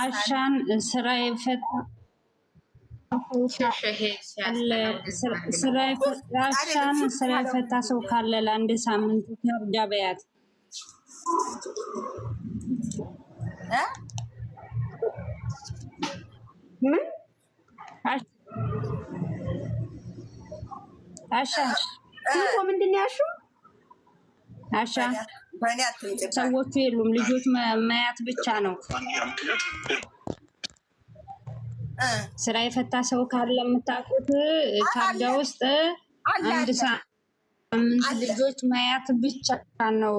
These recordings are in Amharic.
አሻን ስራ የፈታ አሻን ስራ የፈታ ሰው ካለ ለአንድ ሳምንት ተርዳ በያት። አሻ ምንድን ነው ያልሽው? አሻ ሰዎቹ የሉም፣ ልጆች ማያት ብቻ ነው። ስራ የፈታ ሰው ካለ የምታውቁት ካርዳ ውስጥ አንድ ሳምንት ልጆች ማያት ብቻ ነው።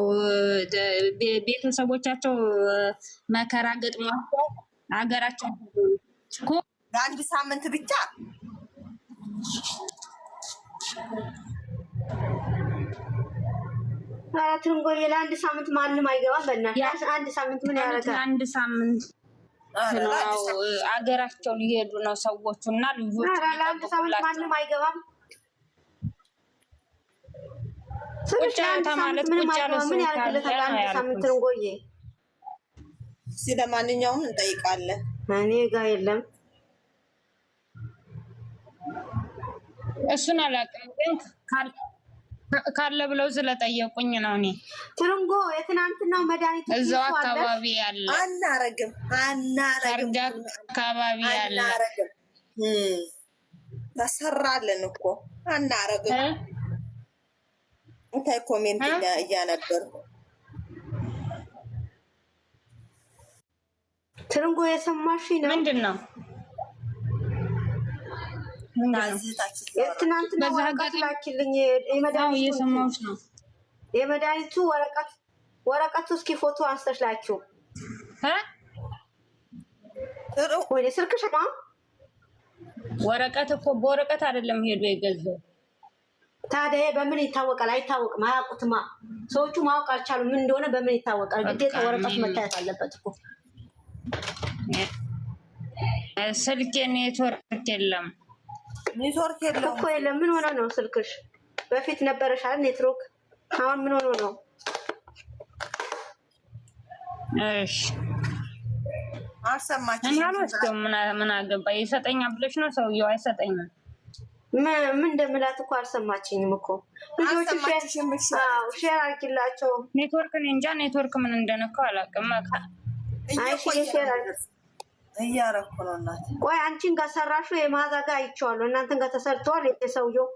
ቤተሰቦቻቸው መከራ ገጥሟቸው ሀገራቸው አንድ ሳምንት ብቻ አራት እንጎዬ ለአንድ ሳምንት ማንም አይገባም። በእናትህ አንድ ሳምንት ምን ያደርጋል? አንድ ሳምንት አገራቸው እየሄዱ ነው ሰዎቹ እና ልጆቹ። ለአንድ ሳምንት ማንም አይገባም። ቁጭ ያለ ማለት ቁጭ ምን አንድ ሳምንት እንጠይቃለን። እኔ የለም እሱን አላውቅም ግን ካለ ብለው ስለጠየቁኝ ነው። እኔ ትርንጎ የትናንትናው መድኃኒት እዛው አካባቢ ያለ አናረግም አናረግም አካባቢ ያለ እናሰራለን እኮ አናረግም። እንታይ ኮሜንት እያነበርኩ ትርንጎ የሰማሽ ነው ምንድን ነው? ትናንትና ወረቀት የመድኃኒቱ ወረቀት ወረቀቱ እስኪ ፎቶ አንስተሽ ላኪው። ወይኔ ስልክሽ ነው። ወረቀት እኮ በወረቀት አይደለም ሄዶ የገዛው። ታዲያ በምን ይታወቃል? አይታወቅም። አያውቁትማ ሰዎቹ ማወቅ አልቻሉም። ምን እንደሆነ በምን ይታወቃል? ግዴታ ወረቀቱ መታየት አለበት እኮ። ስልኬ ኔትወርክ የለም ኔትወርክ የለም እኮ የለም። ምን ሆነ ነው ስልክሽ? በፊት ነበረሽ አይደል ኔትወርክ። አሁን ምን ሆነ ነው? እሺ አልሰማችም። ምን ምን አገባ? ይሰጠኛ ብለሽ ነው ሰውየው አይሰጠኝም። ምን እንደምላት እኮ አልሰማችኝም እኮ ልጆች ሼር አድርጊላቸው። ኔትወርክ እኔ እንጃ ኔትወርክ ምን እንደነካው አላውቅም። አይ ሼር እያረኩ ነው እናት። ቆይ አንቺን ጋር ሰራሹ የመዓዛ ጋር አይቼዋለሁ። እናንተን ጋር ተሰርተዋል። የሰውየው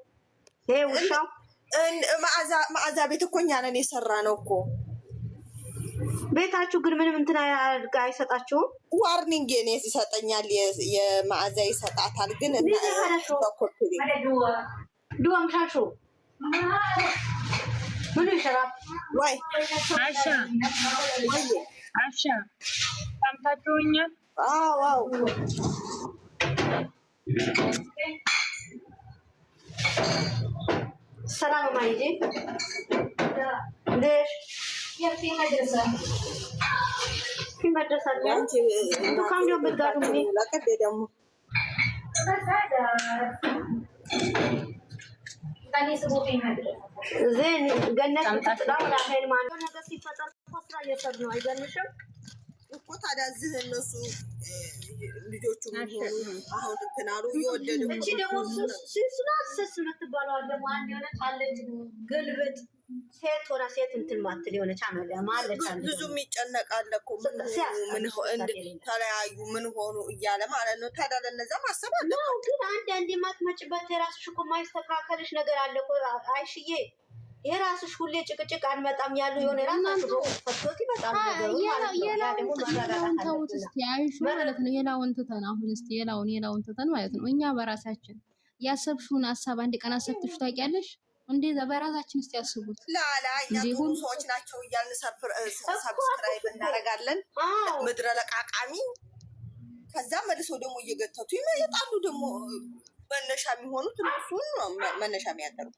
ይሄ ውሻው መዓዛ ቤት እኮ እኛ ነን የሰራ ነው እኮ ቤታችሁ። ግን ምንም እንትን አይሰጣችሁም። ዋርኒንግ የኔ ይሰጠኛል፣ የመዓዛ ይሰጣታል። ግን ድዋም ሻሹ ይሸራል ወይ አሻ አሻ ሰምታችሁኛል? ዋው ah, ሰላም ማይዴ ገነት ምትጥላ ወላ ሄልማን ነገር ሲፈጠር ስራ እየሰሩ ነው አይገርምሽም? እኮ ታዲያ እዚህ እነሱ ልጆቹ ሆኑ አሁን እንትን አሉ እቺ ደግሞ ስስና ስስ የምትባለዋል ደግሞ አንድ የሆነች አለች ግልብጥ ሴት ሆና ሴት እንትን ማትል የሆነች ማለች ብዙም ይጨነቃል እኮ ተለያዩ ምን ሆኑ እያለ ማለት ነው። ታዲያ ለነዛ ማሰብ አለ። ግን አንዳንዴ የማትመጭበት የራስሽ እኮ ማይስተካከልሽ ነገር አለ እኮ አይሽዬ የራስሽ ሁሌ ጭቅጭቅ አንመጣም ያሉ የሆነ የራሳሽ ፈቶት ይመጣል ተውት እስኪ አይሹ ማለት ነው። የላውን ትተን አሁን እስኪ የላውን የላውን ትተን ማለት ነው። እኛ በራሳችን ያሰብሽውን ሀሳብ አንድ ቀን አሰብትሽ ታውቂያለሽ? እንዴ በራሳችን እስቲ ያስቡት። ላላ እኛ ጥሩ ሰዎች ናቸው እያልን ሰብስክራይብ እናደርጋለን። ምድረ ለቃቃሚ ከዛ መልሶ ደግሞ እየገተቱ ይመጣሉ። ደግሞ መነሻ የሚሆኑት እነሱን መነሻ የሚያደርጉት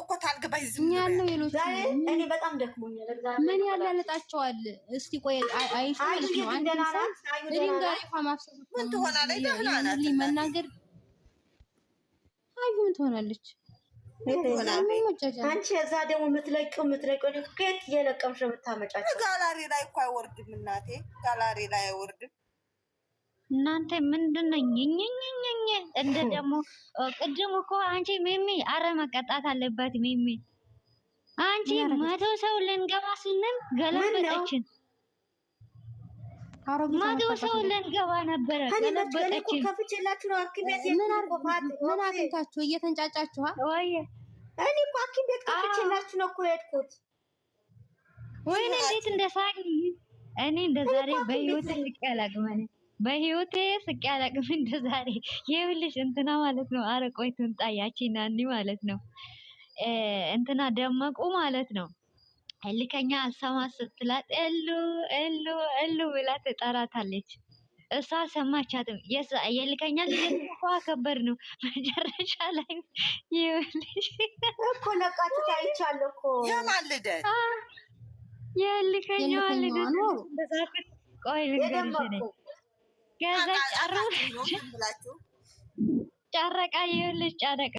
እኮ ታልገባኝ ዝም ያለው ሌሎች እኔ በጣም ደክሞኛል። ምን ያላለጣቸዋል? እስቲ ቆይ አይሽ ማለት ነው። አንድ እኔም ጋር ይፋ ማፍሰስ ምን ትሆናለች? መናገር አዩ ምን ትሆናለች? አንቺ እዛ ደግሞ የምትለቂው የምትለቂው ከየት እየለቀምሽ የምታመጫቸው ጋላሪ ላይ እኮ አይወርድም እናቴ፣ ጋላሪ ላይ አይወርድም እናንተ ምንድን ነው? ኝኝኝኝኝ እንደ ደግሞ ቅድም እኮ አንቺ ሚሚ አረ መቀጣት አለበት ሚሚ። አንቺ መቶ ሰው ልንገባ ስንል ገለበጠችን። መቶ ሰው ልንገባ ነበረ ገለበጠችን። ነው ምን አግኝታችሁ እየተንጫጫችሁ? ወይ እኔ እኮ ሐኪም ቤት ከፍቼላችሁ ነው እኮ የሄድኩት። ወይኔ እንዴት እንደሳቅ! እኔ እንደዛሬ በህይወት ልቀላቅመን በህይወቴ ስቄ አላቅም እንደ ዛሬ። ይኸውልሽ እንትና ማለት ነው አረቆይ ትምጣ ያቺ ናኒ ማለት ነው እንትና ደመቁ ማለት ነው ልከኛ አልሰማ ስትላት እሉ እሉ እሉ ብላ ትጠራታለች። እሷ አልሰማቻትም። የልከኛ ልጅ አከበር ነው መጨረሻ ላይ ይኸውልሽ እኮ ለቃችሁ ታይቻለሁ እኮ የማልደ የልከኛዋ ልደት ቆይ ልንገርሽ ገዛ ጨረቃ ይኸውልሽ ጨረቃ